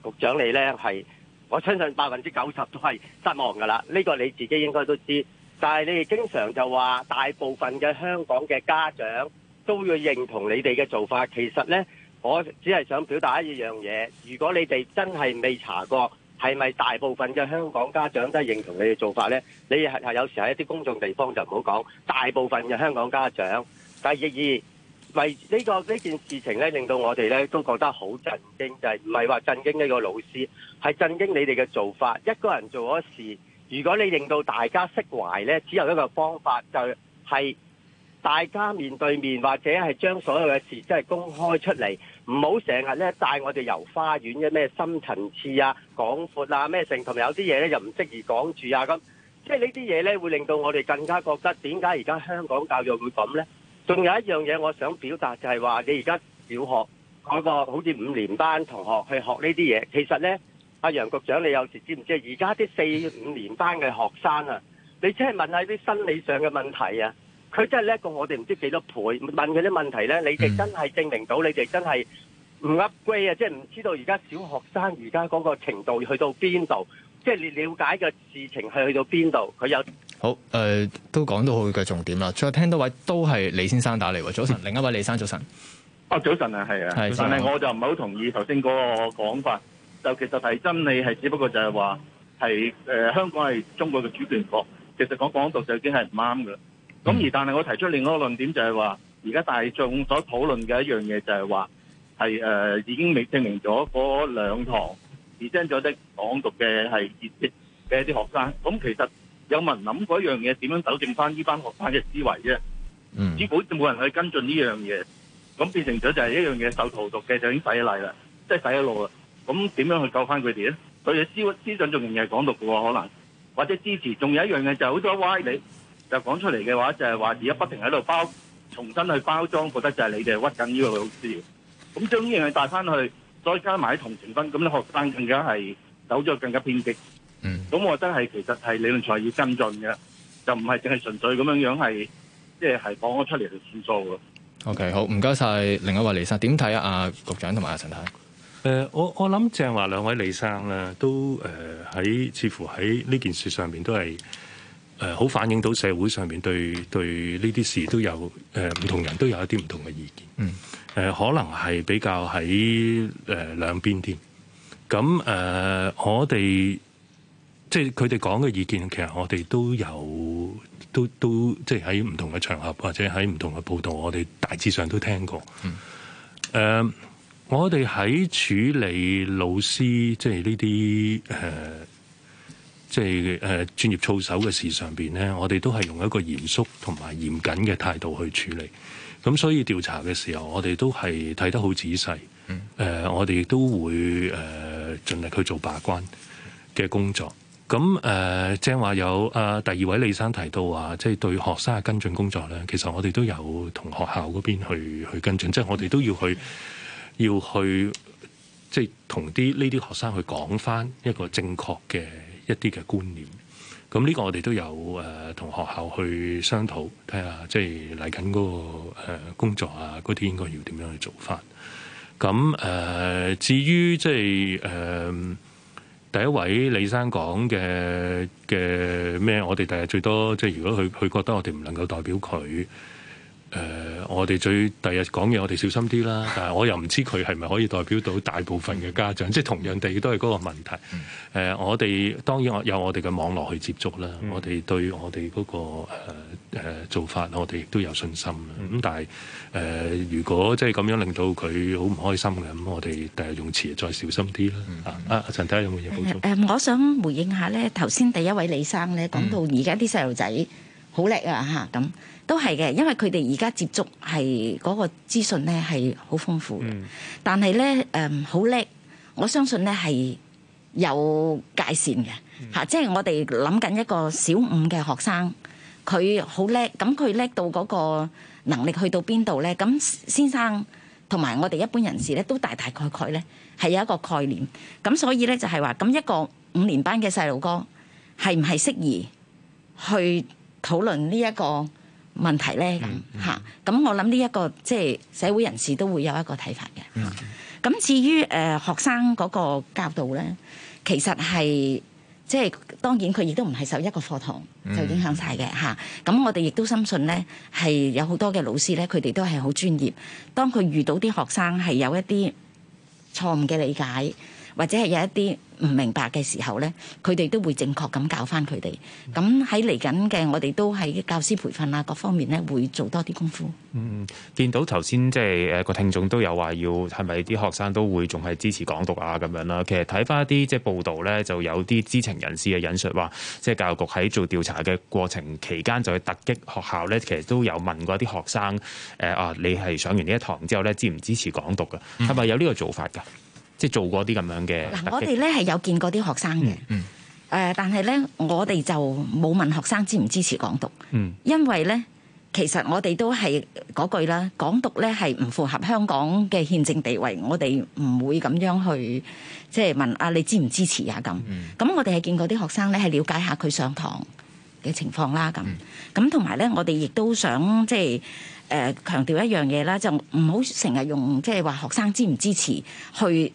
局長你呢係，我相信百分之九十都係失望噶啦。呢個你自己應該都知。但係你哋經常就話，大部分嘅香港嘅家長都要認同你哋嘅做法。其實呢，我只係想表達一樣嘢：如果你哋真係未查過。係咪大部分嘅香港家長都係認同你嘅做法呢？你係，係有時喺一啲公眾地方就唔好講，大部分嘅香港家長。第二，為呢、這個呢件事情咧，令到我哋咧都覺得好震驚，就係唔係話震驚呢個老師，係震驚你哋嘅做法。一個人做咗事，如果你令到大家釋懷呢，只有一個方法，就係、是、大家面對面，或者係將所有嘅事即係公開出嚟。唔好成日咧帶我哋遊花園嘅咩深層次啊、廣闊啊、咩性，同埋有啲嘢咧又唔適宜講住啊咁，即係呢啲嘢咧會令到我哋更加覺得點解而家香港教育會咁咧？仲有一樣嘢我想表達就係話，你而家小學嗰個好似五年班同學去學呢啲嘢，其實咧，阿楊局長你有時知唔知？而家啲四五年班嘅學生啊，你即係問下啲心理上嘅問題啊！佢真係叻過我哋唔知幾多倍，問佢啲問題咧，你哋真係證明到、嗯、你哋真係唔 upgrade 啊！即係唔知道而家小學生而家嗰個程度去到邊度，即係你了解嘅事情去到邊度，佢有好誒、呃、都講到好嘅重點啦。再聽到位都係李先生打嚟喎，早晨，另一位李生早晨。哦，早晨啊，係啊，其實咧，我就唔係好同意頭先嗰個講法，就其實係真理係，只不過就係話係誒香港係中國嘅主權國，其實講港獨就已經係唔啱㗎。咁、嗯、而但係我提出另外一個論點就係話，而家大眾所討論嘅一樣嘢就係話，係、呃、誒已經未證明咗嗰兩堂提升咗啲港獨嘅係熱烈嘅一啲學生。咁其實有冇人諗過樣嘢點樣糾正翻呢班學生嘅思維啫？嗯，如果冇人去跟進呢樣嘢，咁變成咗就係一樣嘢受荼毒嘅就已經洗咗例啦，即係洗咗路啦。咁點樣去救翻佢哋咧？佢哋思思想仲仍然係港獨嘅喎，可能或者支持。仲有一樣嘢就係好多歪理。就講出嚟嘅話，就係話而家不停喺度包重新去包裝，覺得就係你哋屈緊呢個老師。咁將呢樣嘢帶翻去，再加埋啲同情分，咁啲學生更加係走咗更加偏激。嗯，咁我覺得係其實係理論上要跟進嘅，就唔係淨係純粹咁樣樣係即係講咗出嚟就算數嘅。OK，好，唔該曬另一位李生點睇啊？阿局長同埋阿陳太。誒，我我諗淨係話兩位李生咧，都誒喺似乎喺呢件事上面都係。誒，好反映到社會上面對對呢啲事都有，誒、呃、唔同人都有一啲唔同嘅意見。嗯、呃，誒可能係比較喺誒兩邊添。咁、呃、誒、呃，我哋即係佢哋講嘅意見，其實我哋都有，都都即係喺唔同嘅場合或者喺唔同嘅報道，我哋大致上都聽過。嗯。呃、我哋喺處理老師即係呢啲誒。呃即係誒專業操守嘅事上邊咧，我哋都係用一個嚴肅同埋嚴謹嘅態度去處理。咁所以調查嘅時候，我哋都係睇得好仔細。誒，我哋亦都會誒盡力去做把關嘅工作。咁誒，正話有啊，第二位李生提到話，即係對學生嘅跟進工作咧，其實我哋都有同學校嗰邊去去跟進，即係我哋都要去要去即係同啲呢啲學生去講翻一個正確嘅一啲嘅觀念，咁呢個我哋都有誒同、呃、學校去商討，睇下即係嚟緊嗰個、呃、工作啊，嗰啲應該要點樣去做返。咁誒、呃、至於即係誒、呃、第一位李生講嘅嘅咩，我哋第日最多即係如果佢佢覺得我哋唔能夠代表佢。誒、呃，我哋最第日講嘢，我哋小心啲啦。但、呃、係我又唔知佢係咪可以代表到大部分嘅家長，即係同樣地都係嗰個問題。呃、我哋當然我有我哋嘅網絡去接觸啦。我哋對我哋嗰、那個誒、呃、做法，我哋亦都有信心。咁但係誒、呃，如果即係咁樣令到佢好唔開心嘅，咁我哋第日用詞再小心啲啦。啊，阿、啊、陳生陳太有冇嘢補充？誒、呃，我想回應下咧，頭先第一位李生咧講到而家啲細路仔好叻啊！嚇咁、嗯。嗯都係嘅，因為佢哋而家接觸係嗰個資訊咧，係好豐富嘅。但係咧，誒、好叻，我相信咧係有界線嘅吓。即係我哋諗緊一個小五嘅學生，佢好叻，咁佢叻到嗰個能力去到邊度咧？咁先生同埋我哋一般人士咧，都大大概概咧係有一個概念。咁所以咧就係話，咁一個五年班嘅細路哥係唔係適宜去討論呢一個？問題咧咁嚇，咁我諗呢一個即係、就是、社會人士都會有一個睇法嘅。咁、嗯啊、至於誒、呃、學生嗰個教導咧，其實係即係當然佢亦都唔係受一個課堂就影響晒嘅嚇。咁、啊、我哋亦都深信咧係有好多嘅老師咧，佢哋都係好專業。當佢遇到啲學生係有一啲錯誤嘅理解，或者係有一啲唔明白嘅時候呢，佢哋都會正確咁教翻佢哋。咁喺嚟緊嘅，我哋都喺教師培訓啊各方面呢，會做多啲功夫。嗯，見到頭先即係誒個聽眾都有話要係咪啲學生都會仲係支持港獨啊咁樣啦。其實睇翻一啲即係報道呢，就有啲知情人士嘅引述話，即係教育局喺做調查嘅過程期間，就去突擊學校呢，其實都有問過啲學生誒啊、呃，你係上完呢一堂之後呢，支唔支持港獨噶、啊？係咪、嗯、有呢個做法噶？即係做過啲咁樣嘅。嗱，我哋咧係有見過啲學生嘅，誒、嗯，嗯、但係咧我哋就冇問學生支唔支持港獨，嗯、因為咧其實我哋都係嗰句啦，港獨咧係唔符合香港嘅憲政地位，我哋唔會咁樣去即係問啊你支唔支持啊咁，咁、嗯、我哋係見過啲學生咧係了解下佢上堂嘅情況啦咁，咁同埋咧我哋亦都想即係誒、呃、強調一樣嘢啦，就唔好成日用即係話學生支唔支持去。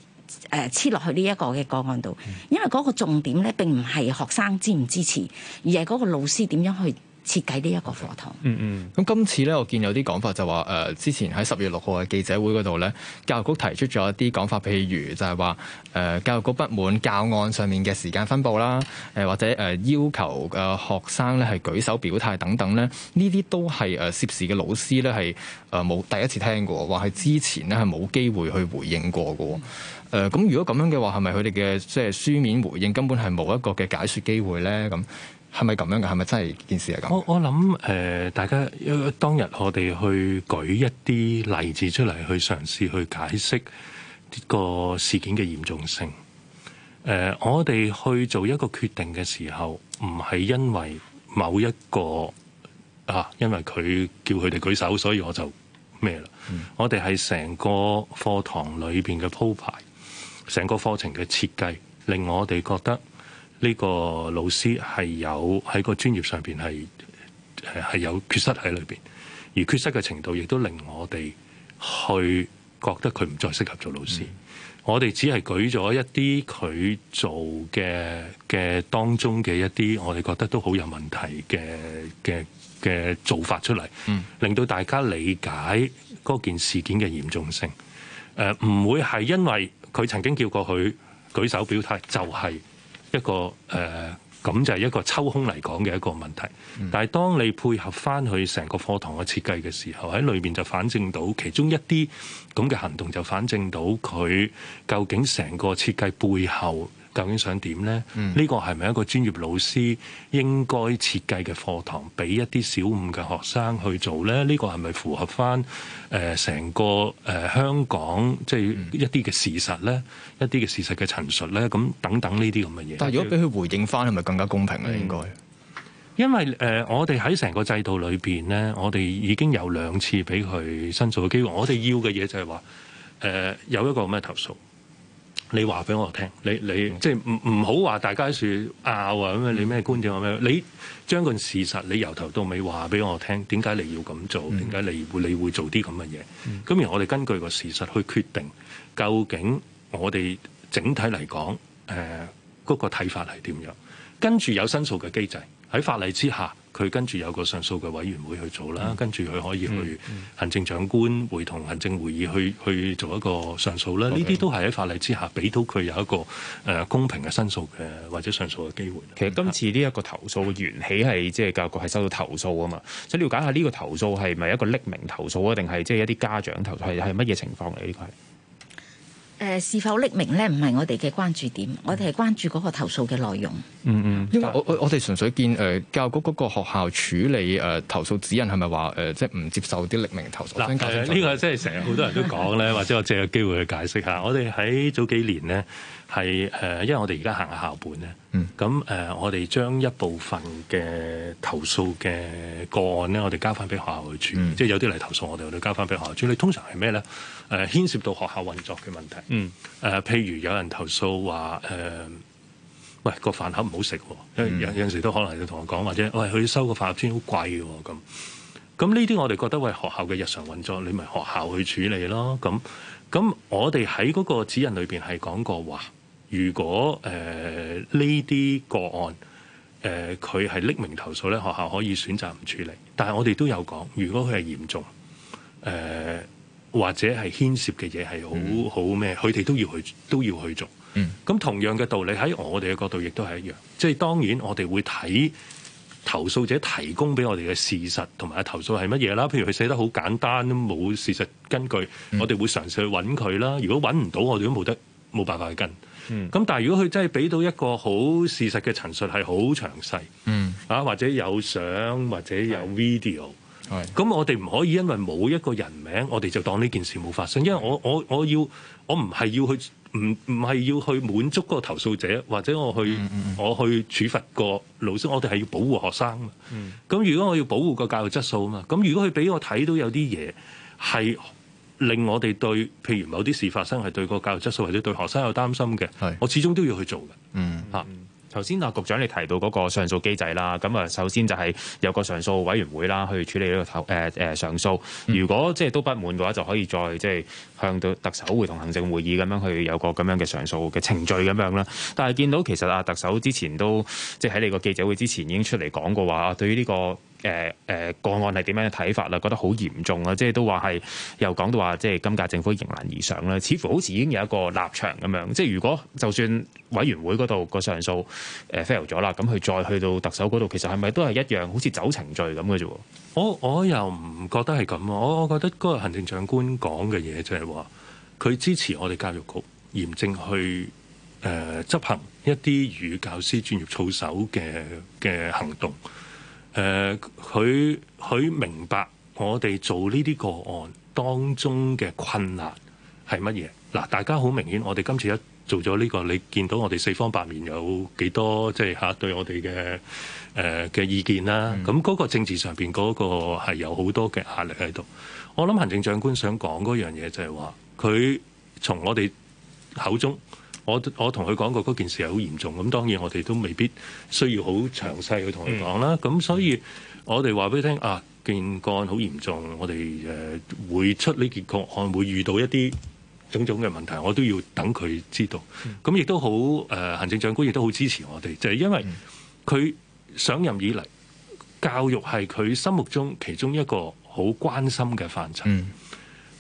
誒，黐落去呢一個嘅個案度，因為嗰個重點呢並唔係學生支唔支持，而係嗰個老師點樣去。設計呢一個課堂、嗯。嗯嗯。咁今次咧，我見有啲講法就話，誒、呃、之前喺十月六號嘅記者會嗰度咧，教育局提出咗一啲講法，譬如就係話，誒、呃、教育局不滿教案上面嘅時間分佈啦，誒、呃、或者誒、呃、要求嘅、呃、學生咧係舉手表態等等咧，呢啲都係誒、呃、涉事嘅老師咧係誒冇第一次聽過，話係之前咧係冇機會去回應過嘅。誒、呃、咁如果咁樣嘅話，係咪佢哋嘅即係書面回應根本係冇一個嘅解説機會咧？咁？係咪咁樣噶？係咪真係件事係咁？我我諗誒，大家當日我哋去舉一啲例子出嚟，去嘗試去解釋呢個事件嘅嚴重性。誒、呃，我哋去做一個決定嘅時候，唔係因為某一個啊，因為佢叫佢哋舉手，所以我就咩啦。嗯、我哋係成個課堂裏邊嘅鋪排，成個課程嘅設計，令我哋覺得。呢個老師係有喺個專業上邊係係有缺失喺裏邊，而缺失嘅程度亦都令我哋去覺得佢唔再適合做老師。嗯、我哋只係舉咗一啲佢做嘅嘅當中嘅一啲，我哋覺得都好有問題嘅嘅嘅做法出嚟，嗯、令到大家理解嗰件事件嘅嚴重性。誒、呃、唔會，係因為佢曾經叫過佢舉手表態就係、是。一個誒咁、呃、就係、是、一個抽空嚟講嘅一個問題，但係當你配合翻去成個課堂嘅設計嘅時候，喺裏面就反證到其中一啲咁嘅行動就反證到佢究竟成個設計背後，究竟想點呢？呢個係咪一個專業老師應該設計嘅課堂，俾一啲小五嘅學生去做呢？呢個係咪符合翻誒成個誒香港即係一啲嘅事實呢？嗯、一啲嘅事實嘅陳述呢？咁等等呢啲咁嘅嘢。但如果俾佢回應翻，係咪更加公平咧？應該、嗯、因為誒、呃，我哋喺成個制度裏邊呢，我哋已經有兩次俾佢申訴嘅機會。我哋要嘅嘢就係話誒，有一個咩投訴？你話俾我聽，你你、嗯、即係唔唔好話大家喺拗啊！咁樣你咩觀點啊？咩你將個事實你由頭到尾話俾我聽，點解你要咁做？點解、嗯、你會你會做啲咁嘅嘢？咁而、嗯、我哋根據個事實去決定，究竟我哋整體嚟講，誒、呃、嗰、那個睇法係點樣？跟住有申訴嘅機制。喺法例之下，佢跟住有個上訴嘅委員會去做啦，嗯、跟住佢可以去行政長官會同行政會議去去做一個上訴啦。呢啲、嗯、都係喺法例之下，俾到佢有一個誒公平嘅申訴嘅或者上訴嘅機會。其實今次呢一個投訴嘅緣起係即係教育局係收到投訴啊嘛，想了解下呢個投訴係咪一個匿名投訴啊，定係即係一啲家長投訴，係係乜嘢情況嚟？呢、呢個係。誒是否匿名咧，唔係我哋嘅關注點，嗯、我哋係關注嗰個投訴嘅內容。嗯嗯，嗯因為我、嗯、我哋純粹見誒教育局嗰個學校處理誒投訴指引係咪話誒即係唔接受啲匿名投訴？呢喏個即係成日好多人都講咧，嗯、或者我借個機會去解釋下。我哋喺早幾年咧係誒，因為我哋而家行下校本咧。咁誒、嗯呃，我哋將一部分嘅投訴嘅個案咧，我哋交翻俾學校去處理。嗯、即係有啲嚟投訴我，我哋我都交翻俾學校處理。通常係咩咧？誒、呃，牽涉到學校運作嘅問題。嗯，誒、呃，譬如有人投訴話誒、呃，喂，個飯盒唔好食喎。有有時都可能要同我講，嗯、或者喂，佢收個飯盒錢好貴喎咁。咁呢啲我哋覺得喂，學校嘅日常運作，你咪學校去處理咯。咁咁，我哋喺嗰個指引裏邊係講過話。如果誒呢啲個案誒佢係匿名投訴咧，學校可以選擇唔處理。但係我哋都有講，如果佢係嚴重誒、呃、或者係牽涉嘅嘢係好好咩，佢哋、mm. 都要去都要去做。咁、mm. 同樣嘅道理喺我哋嘅角度亦都係一樣。即係當然我哋會睇投訴者提供俾我哋嘅事實同埋投訴係乜嘢啦。譬如佢寫得好簡單，冇事實根據，mm. 我哋會嘗試去揾佢啦。如果揾唔到，我哋都冇得冇辦法去跟。嗯，咁但係如果佢真係俾到一個好事實嘅陳述係好詳細，嗯，啊或者有相或者有 video，係、嗯，咁我哋唔可以因為冇一個人名，我哋就當呢件事冇發生，因為我我我要我唔係要去唔唔係要去滿足個投訴者，或者我去、嗯、我去處罰個老師，我哋係要保護學生，嗯，咁如果我要保護個教育質素啊嘛，咁如果佢俾我睇到有啲嘢係。令我哋對，譬如某啲事發生，係對個教育質素或者對學生有擔心嘅，係，我始終都要去做嘅。嗯，嚇、嗯，頭先阿局長你提到嗰個上訴機制啦，咁啊，首先就係有個上訴委員會啦，去處理呢個投誒誒上訴。嗯、如果即係都不滿嘅話，就可以再即係向到特首會同行政會議咁樣去有個咁樣嘅上訴嘅程序咁樣啦。但係見到其實阿特首之前都即係喺你個記者會之前已經出嚟講過話，對於呢、呢個。誒誒、呃呃、個案係點樣嘅睇法啦？覺得好嚴重啊！即係都話係又講到話，即係今屆政府迎難而上啦。似乎好似已經有一個立場咁樣。即係如果就算委員會嗰度個上訴誒 fail 咗啦，咁、呃、佢再去到特首嗰度，其實係咪都係一樣，好似走程序咁嘅啫？我我又唔覺得係咁啊！我我覺得嗰個行政長官講嘅嘢就係話，佢支持我哋教育局嚴正去誒、呃、執行一啲與教師專業操守嘅嘅行動。誒佢佢明白我哋做呢啲個案當中嘅困難係乜嘢？嗱，大家好明顯，我哋今次一做咗呢個，你見到我哋四方八面有幾多即係嚇對我哋嘅誒嘅意見啦。咁嗰、嗯、個政治上邊嗰個係有好多嘅壓力喺度。我諗行政長官想講嗰樣嘢就係話，佢從我哋口中。我我同佢講過嗰件事係好嚴重，咁當然我哋都未必需要好詳細去同佢講啦。咁、mm. 所以我哋話俾你聽啊，個件個案好嚴重，我哋誒會出呢結局，可能會遇到一啲種種嘅問題，我都要等佢知道。咁亦、mm. 都好誒、呃，行政長官亦都好支持我哋，就係、是、因為佢上任以嚟，教育係佢心目中其中一個好關心嘅範疇。Mm.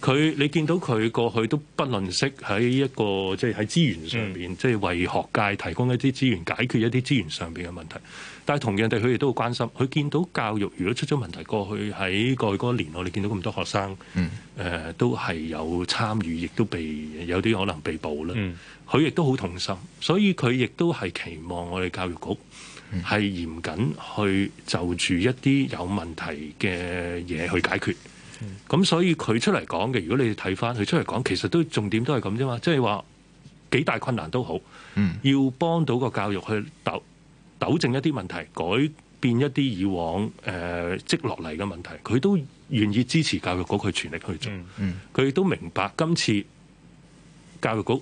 佢你見到佢過去都不吝惜喺一個即係喺資源上邊，嗯、即係為學界提供一啲資源，解決一啲資源上邊嘅問題。但係同樣地，佢亦都好關心。佢見到教育如果出咗問題，過去喺過去嗰年，我哋見到咁多學生，誒、嗯呃、都係有參與，亦都被有啲可能被捕啦。佢、嗯、亦都好痛心，所以佢亦都係期望我哋教育局係、嗯、嚴謹去就住一啲有問題嘅嘢去解決。嗯咁、嗯、所以佢出嚟講嘅，如果你睇翻佢出嚟講，其實都重點都係咁啫嘛，即係話幾大困難都好，要幫到個教育去糾糾正一啲問題，改變一啲以往誒積落嚟嘅問題，佢都願意支持教育局去全力去做。佢亦、嗯嗯、都明白今次教育局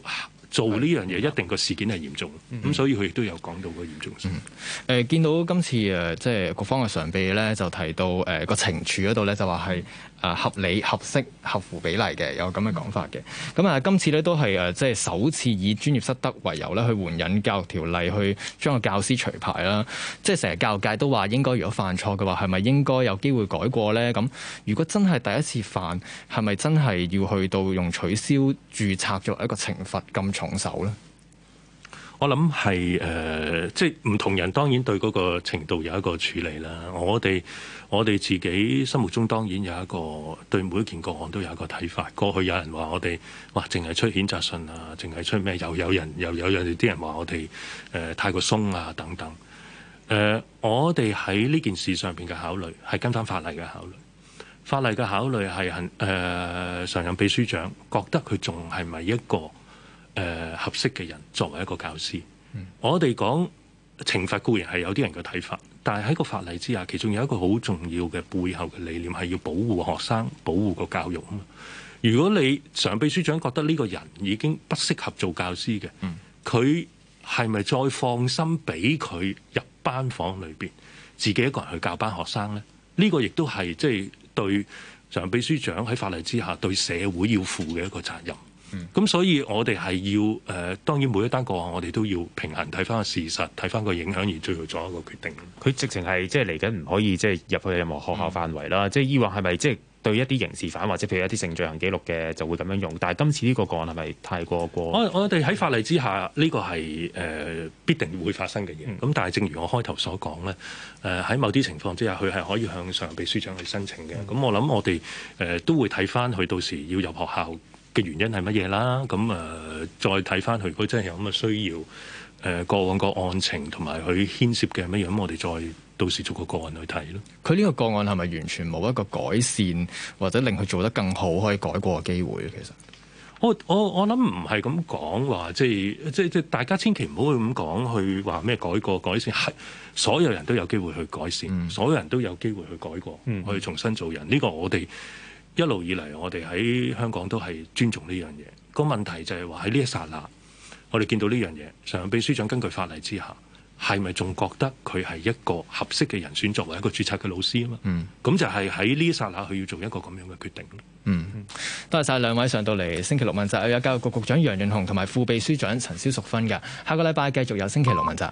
做呢樣嘢一定個事件係嚴重，咁的所以佢亦都有講到個嚴重性。誒、嗯呃，見到今次誒，即係各方嘅常秘咧，就提到誒個懲處嗰度咧，就話係。啊，合理、合適、合乎比例嘅，有咁嘅講法嘅，咁啊今次咧都係誒即係首次以專業失德為由咧，去援引教育條例去將個教師除牌啦，即係成日教育界都話應該如果犯錯嘅話，係咪應該有機會改過咧？咁如果真係第一次犯，係咪真係要去到用取消註冊作為一個懲罰咁重手咧？我諗係誒，即係唔同人當然對嗰個程度有一個處理啦。我哋我哋自己心目中當然有一個對每一件個案都有一個睇法。過去有人話我哋哇，淨係出譴責信啊，淨係出咩？又有人又有人啲人話我哋誒、呃、太過鬆啊等等。誒、呃，我哋喺呢件事上邊嘅考慮係跟返法例嘅考慮，法例嘅考慮係肯誒，常、呃、任秘書長覺得佢仲係咪一個？誒合適嘅人作為一個教師，嗯、我哋講懲罰固然係有啲人嘅睇法，但係喺個法例之下，其中有一個好重要嘅背後嘅理念係要保護學生、保護個教育啊嘛。嗯、如果你常秘書長覺得呢個人已經不適合做教師嘅，佢係咪再放心俾佢入班房裏邊自己一個人去教班學生呢？呢、呢個亦都係即係對常秘書長喺法例之下對社會要負嘅一個責任。咁、嗯、所以我，我哋係要誒，當然每一單個案，我哋都要平衡睇翻個事實，睇翻個影響，而最後做一個決定。佢直情係即係嚟緊，唔可以即係入去任何學校範圍啦。嗯、即係，以往係咪即係對一啲刑事犯或者譬如一啲性罪行記錄嘅就會咁樣用？但係今次呢個個案係咪太過過？我哋喺法例之下，呢、呢個係誒、呃、必定會發生嘅嘢。咁、嗯、但係，正如我開頭所講咧，誒、呃、喺某啲情況之下，佢係可以向上秘書長去申請嘅。咁、嗯嗯、我諗我哋誒都會睇翻佢到時要入學校嘅原因係乜嘢啦？咁誒、呃，再睇翻佢，佢真係有咁嘅需要，誒、呃、過往個案情同埋佢牽涉嘅乜嘢，咁我哋再到時逐個個案去睇咯。佢呢個個案係咪完全冇一個改善或者令佢做得更好可以改過嘅機會啊？其實我，我我我諗唔係咁講話，即係即即大家千祈唔好去咁講去話咩改過改善，係所有人都有機會去改善，嗯、所有人都有機會去改過，去、嗯、重新做人。呢、呢個我哋。一路以嚟，我哋喺香港都係尊重呢樣嘢。個問題就係話喺呢一剎那，我哋見到呢樣嘢，常務秘書長根據法例之下，係咪仲覺得佢係一個合適嘅人選作為一個註冊嘅老師啊？嘛、嗯，咁就係喺呢一剎那，佢要做一個咁樣嘅決定。嗯，多謝晒兩位上到嚟星期六問責，有，有教育局局長楊潤雄同埋副秘書長陳蕭淑芬㗎。下個禮拜繼續有星期六問責。